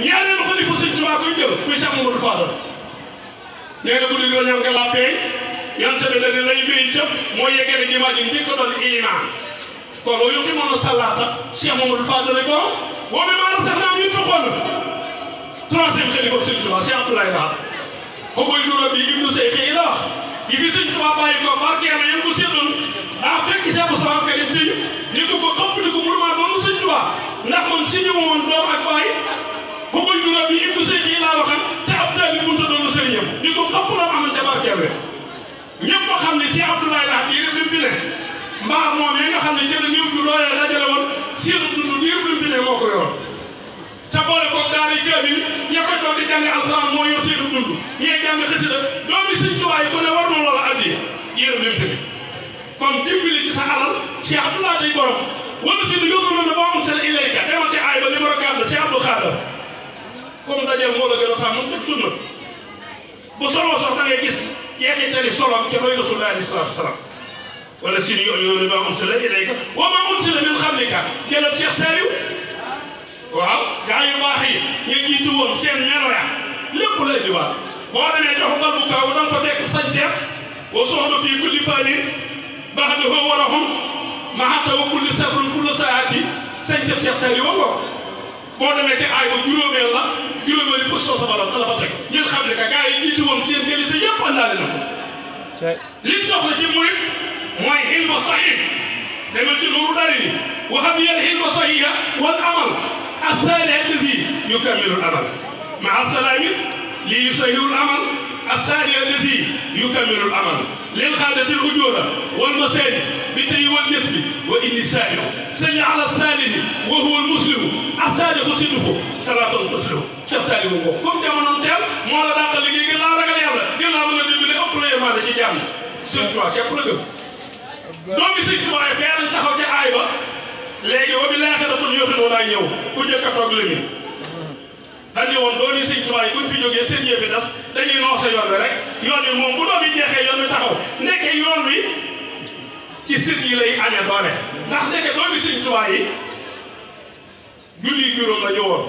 ñaareelu xalifa sëñ Tuubaa koy jël muy Cheikh Mamadou Fadal nee na guddi goo ñam laa peey yonte bi dañu lay béy jëm mooy yeggale jumaa ji njëkk doon imaam kon loolu yëpp mën a salaata Cheikh Mamadou Fadal ko woo bi maanaam sax naa ñu fa xool troisième xalifa sëñ Tuubaa Cheikh Abdoulaye Lahad ko koy duura bi ibnu Seydi jàng xasida doomi sëñ Tuubaa yi ku ne war na loola addiya yërëm leen tamit kon dimbali ci sa alal si Abdoulaye day borom wala si lu yóbbu na ne boo am seen ilayka demal ci aay ba numéro 4 si Abdou Khadar comme dajeel moo la gën a sàmm te sunna bu solo sax da ngay gis jeexitali solom ca roy Rasulullah alayhi salaatu wa salaam wala si lu yóbbu na ne unsila ilayka wa ma unsila min qablika jëlal Cheikh Saliou waaw gaa yu baax yi ñu jiitu woon seen melo ya lépp la indiwaat لك أنا أنا وعلينا أنا المقاولون فتاك أنا وصعدوا في أنا فالي بعده أنا ما حتوا أنا سبر كل أنا سجع سيح أنا وعلينا كي أنا جيرو بيلا أنا بيلا بسوا أنا الله فتاك أنا خبر كاكاي أنا ومسيان كي أنا يبان لنا أنا لكي موي أنا حلم صحيح أنا تلغو داري أنا الحلم صحيح أنا الثاني الذي أنا الأمل مع أنا ليسهل الامر الثاني الذي يكمل الامر للخادة الأجورة والمساجد بتي والنسب وإني سائل سل على الثالث وهو المسلم الثالث صدقه صلاة المسلم شيخ سالم وهو كم جامعنا تيال مولا داخل لكي قلنا على قد يابلا قلنا من الدبلي أبلا يمانا كي جامعنا سنتوا كيف لكم دومي سنتوا فعلا تخوتي عايبا léegi wa bi laaxira tun yoo xam ne walaay ñëw ku njëkk a dañu woon doon yi sëñ Tuubaa yi buñ fi jógee seen yëf yi das dañuy noose yoon wi rek yoon moom bu doom yi jeexee yoon wi taxaw nekk yoon ki ci sët yi lay amee doole ndax nekk doon yi sëñ Tuubaa yi julli juróom la ñu woon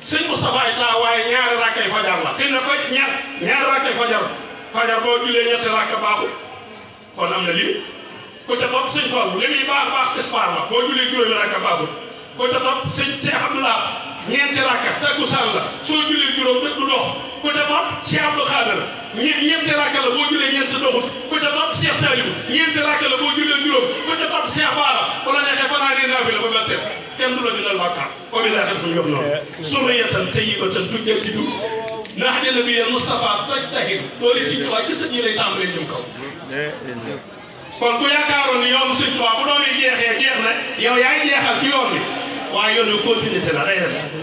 sëñ Moustapha yi taa waaye ñaari rakkay fajar la xëy na fa ñaar ñaari rakkay fajar fajar boo jullee ñetti rakk baaxul kon am na lii ko ca topp sëñ Fall li muy baax baax espoir la boo jullee juróomi rakk baaxul ko ca topp sëñ Cheikh Abdoulaye ñeenti rakka takkusaan la soo jullee juróom du dox côté bopp Cheikh Abdou ñeenti rakka la boo jullee ñeenti doxut côté bopp Cheikh Saliou la boo jullee juróom côté bopp Cheikh Baara bu la neexee fanaa nee naa fi la ba mel teel kenn du la bindal bàkkaar wa bi laa xelful yom noonu surriyatan tayyibatan tujjal ci dugub ndax ne nabiyal Moustapha taj taxit loolu si ñu waaye ci sëñ yi lay tàmbalee jëm kaw. kon ku yaakaaroon ni yoonu sëñ Tuubaa bu doom yi jeexee jeex na yow yaa ngi jeexal ci yoon bi waaye yoon la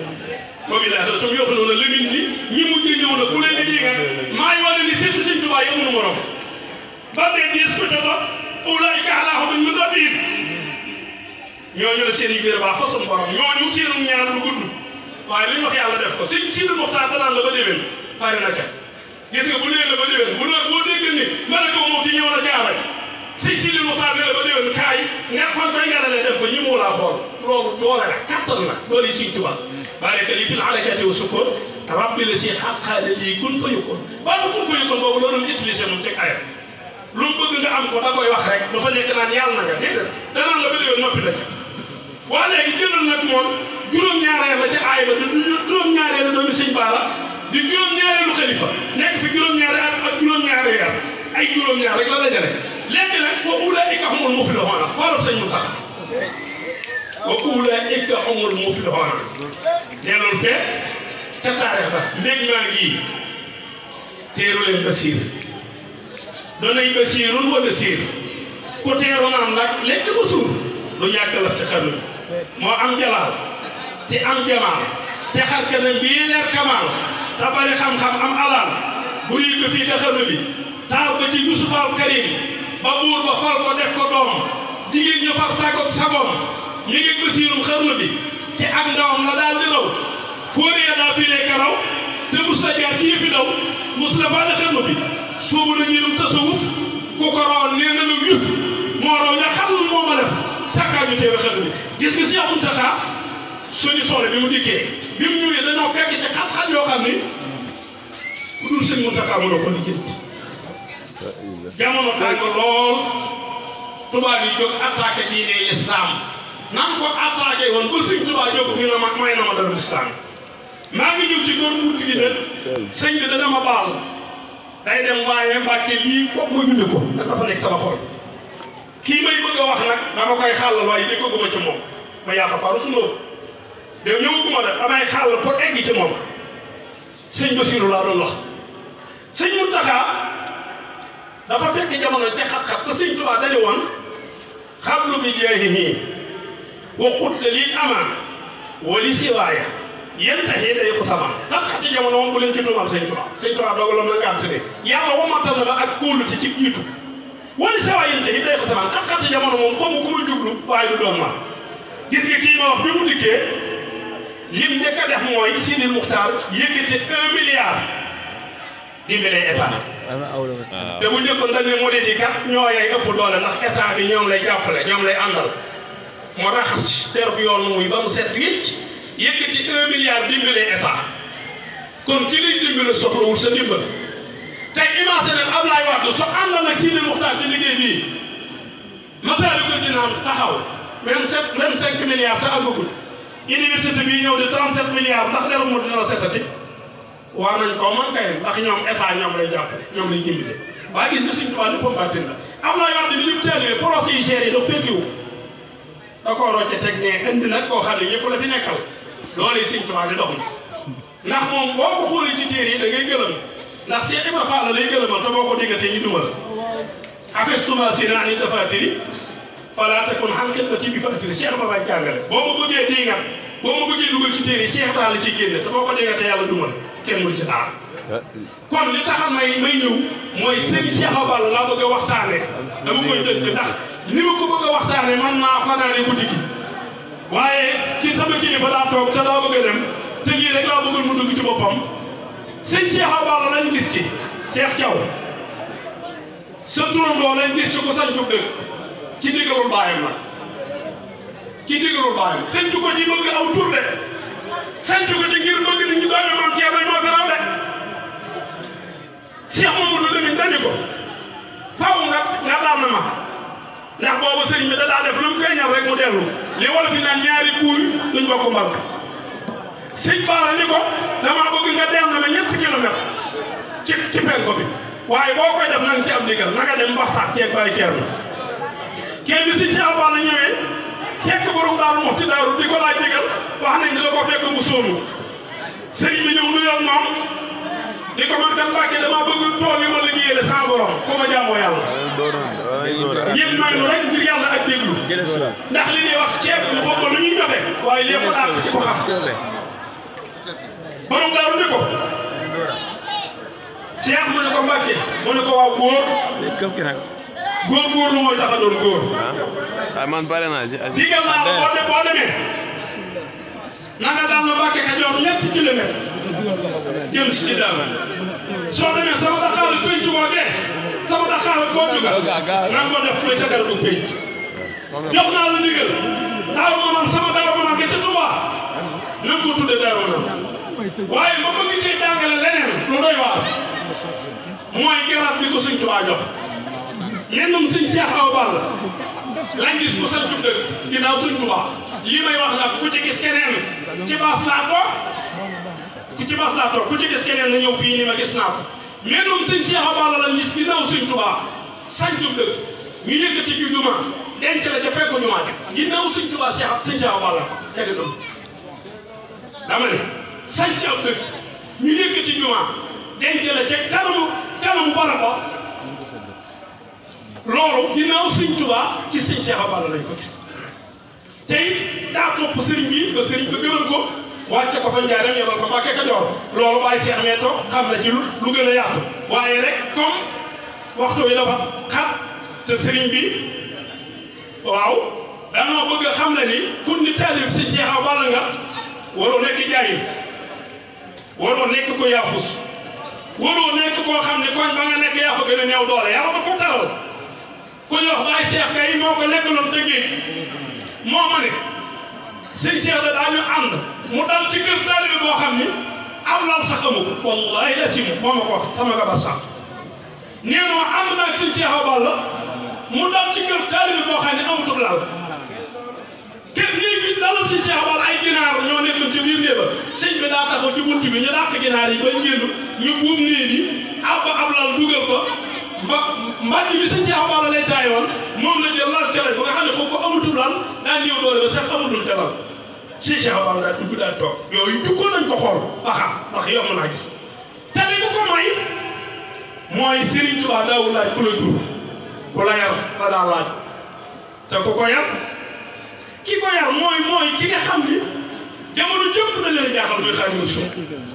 mobilisation tam yokku noonu Lamine ni ñi mujjee ñëw na ku leen di diigal maa ngi wane ni surtout Sëriñ Tuubaa amul morom ba tey diis ko ca toog ulaa'ika alaa hudan min rabbihim ñooñu la seen yu biir baax fa suñu waa ñooñu seenu ñaan lu gudd li ñu wax def ko sëñ si lu waxtaan danaan la ba déwén pare na ca gis nga bu nee la ba déwén bu la boo dégg ni mën na si si li mu xaar ne la ba déwén kaay nga fan koy ngelalee def ko ñi mu laa xool loolu doole la kattan la doole yi Sëriñ Tuubaa baraka li fil harakati wa sukoon rabbi la si xaqaale lii kun fa yëkkoon baatu kun fa yëkkoon boobu loolu utilisé moom ci ayam lu bëgg nga am ko da wax rek dafa nekk naan yàlla na nga déedéet la ba déwén noppi la ca waa léegi jëlal nag moom juróom-ñaareel la ca aay ba juróom la di juróom-ñaareelu xalifa nekk ay juróom-ñaar léegi nag wa ulaika humul muflihuna xoolal sëñ mu tax wa ulaika humul muflihuna delloo fee ca taarix ba mbéj maa ngi teeru leen basiir danay basiirun wa basiir ku teeru naan nag lekk ba suur du ñàkk laf ci xarnu moo am jalaal te am jamaal te xar ka ne bii leer kamaal te xam-xam am alal bu yëg fii ka xarnu bi taar ba ci Yusufa al Karim ba buur ba fal ko def ko doomam jigéen ñi far tàggoog sagoom ñu ngi basiirum xarnu bi ci ak ndawam la daal di daw fóoree ya daa fiilee karaw te mus la jaar ci yëfi daw mus la faale xarnu bi suubu la ñiirum tasawuf ku ko rawoon nee na lu yëf moo raw ña xam lu moo ma def sàkkaa ñu teewe xarnu bi gis nga Cheikh Mountakha solution la bi mu dikkee bi mu ñëwee dañoo fekk ci xat-xat yoo xam ni ku dul sëñ Mountakha mënoo ko lijjanti jamono tàng lool tubaab yi jóg attaqué diine lislaam nan ko attaqué woon ba sëñ Tuubaa jóg ñu ne ma may na ma dara lislaam maa ngi ñëw ci góor mu wuti gi nag sëñ bi dana ma baal day dem waaye Mbàkke lii foog ma bind ko dafa fa nekk sama xol kii may bëgg a wax nag dama koy xàllal waaye dégg guma ci moom ma yaakaar faru su loolu de ñëwaguma nag damay xàll pour egg ci moom sëñ Basiru laa doon wax sëñ Muntaxa dafa fekk jamono ci xat-xat ko seigne touba dali won khablu bi jaahihi wa xutla li aman wa li siwaya yéen taxee day ko sama xat-xati jamono moom bu leen ci touba seigne touba seigne touba dogal na gàtt ne yàlla matal na ak kóolu ci ci jiitu wa li siwaya yéen taxee day ko sama xat-xati jamono moom xamu ku djuglu way du don ma gis nga ki ma wax bi mu dikkee lim njëkk ka def moy Sidi mukhtar yekete 1 milliard dimbele état Ah. te bu njëkkoon dañ ne murid yi kat ñoo yay ëpp doole ndax état bi ñoom lay jàppale ñoom lay àndal moo raxas terb yoon muy ba mu set wicc yëkkati un milliard dimbalee état kon ki lay dimbale soxlawul sa dimbal tey imaginer Ablaye Wade su àndal ak Sidi Muxtaar ci liggéey bii masari ko dinaam taxaw même sept même cinq milliards te àggagul université bii ñëw di trente sept ndax dara mu dina setati war nañ koo mën kay ndax ñoom état ñoom lay jàppale ñoom lay dimbale waaye gis nga suñ tubaab lépp baatin la am na yoo xam ne li mu teelee projet yi géré da fekkiwu da koo rocce teg ne indi nag koo xam ne ñëpp la fi nekkal loolu yi suñ tubaab di dox na ndax moom boo ko xoolee ci téere yi da ngay gëlëm ndax Cheikh Ibra Fall lay gëlëmal te boo ko déggatee ñu dugal afestuma si naa ni dafa atiri fala takun xam xidmati bi fa atiri Cheikh Ibra Fall jàngale boo ma bëggee dingat boo ma bëggee dugal ci téere yi Cheikh Ibra Fall la ci génne te boo ko déggatee yàlla dugal kenn mënu ci aar ah. kon li tax may may ñëw mooy sëñ Cheikh Awa Balla laa bëgg a waxtaane dama koy tënk ndax li ma ko bëgg waxtaane man naa fanaane guddi gi waaye ki sama kilifa daa toog te daa bëgg a dem te lii rek laa bëggoon mu dugg ci boppam sëñ Cheikh Awa lañ gis ci Cheikh Thiaw sa turandoo lañ gis ci ko sañ ko dëkk ci diggalul baayam la ci diggalul baayam sëñ ko ci bëgg aw tur de sant ko ci ngir bëgg nit ñi doole moom ceeb rek moo fi raw rek Cheikh Mamadou Lamine dani ko faaw nga nga baal na ma ndax boobu sëriñ bi da daa def lu mu feeñal mu dellu li wala fi naan ñaari kuur duñ bokk mbal sëñ Baara ni ko dama bëgg nga dem na ma ñetti kilomètre ci ci penko bi waaye boo koy def na nga ci am ndigal naka dem waxtaan ceeb bàyyi ceeb la bi si Cheikh Baara ñëwee. fekk borom daaru mox daaru di ko laaj wax nañ dina ko mu sóomu sëriñ bi ñëw nuyoo moom di ko man kan Mbàkke dama bëgg tool yu ma liggéeyale sa borom ma jaamoo yàlla yéen mag lu rek ngir yàlla ak déglu ndax li ñuy wax ceeb lu xam ko lu ñuy joxe waaye lépp daal ci ko xam borom daaru góorgóorlu mooy tax a doon ah, ah, man bare naa ji. digal naa la boo boo demee. na na Mbàkke Kajoor ñetti kilomètre. jël si ci daal. soo demee sama daxaaru pénc boo dee. sama daxaaru boo duga. naa ko def muy sagar bu pénc. jox naa la digal. daaw ma man sama waaye ma bëgg ci jàngale leneen lu doy bi ko yennum sëñ Cheikh Awa Balla lañ gis mu sañ dëkk ginnaaw sëñ Tuubaa lii may wax nag ku ci gis keneen ci baas laa toog ku ci baas laa toog ku ci gis keneen na ñëw fii ni ma gis naa ko yennum sëñ Cheikh Awa Balla lañ gis ginnaaw sëñ Tuubaa sañ dëkk ñu yëkkati ju jumaa denc la ca peggu jumaa ja ginnaaw sëñ Tuubaa Cheikh sëñ Cheikh Awa Balla kenn doon dama ne sañ ci ab dëkk ñu yëkkati jumaa denc la ca kanamu kanamu baraba loolu ginnaaw Sëriñ Tuubaa ci Sëriñ Cheikh Abdou lañ ko gis tey daa topp sëriñ bi ba sëriñ ba gëmal ko wàcce ko fa Njaareem yebal ko Mbàkke Kajoor loolu Baay Cheikh mee toog xam na ci lu gën a yaatu waaye rek comme waxtu wi dafa xat te sëriñ bi waaw danoo bëgg a xam ne ni kun ni taalib si Cheikh Abdou Balla nga waroo nekk jaayil waroo nekk ko yaafus waroo nekk koo xam ne koñ ba nga nekk yaa gën a néew doole yàlla da ko taral ku ñuy wax Baye Cheikh kay moo ko lekkaloon tëggee moo ma ne sëñ Cheikh da daañu ànd mu dal ci kër taalibe boo xam ni am lal sax amu ko wallaahi asim moo ma ko wax sama gabar sax nee ma ànd naa sëñ Cheikh mu dal ci kër taalibe boo xam ne amutul lal kër nii bi dalal sëñ Cheikh Awa Balla ay ginaar ñoo nekkoon ci biir néeba sëñ bi daa taxaw ci bunt bi ñu dàq ginaar yi ba njënd ñu buum nii ni ab ab lal dugal ko ba mbàjj bi sëñ Cheikh Abdou lay taayoon moom la jël laal cële ba nga xam ne foofu ko amatul lan daa ñëw doole ba sax amatul cëlal si Cheikh Abdou daa dugg daa toog yooyu jukkoo ko xool ba xam ndax yomb naa gis te li ko ko may mooy Serigne te ko yar ki ko mooy mooy ki nga xam ni jamono jëpp na leen jaaxal muy Xaadimu Rasuul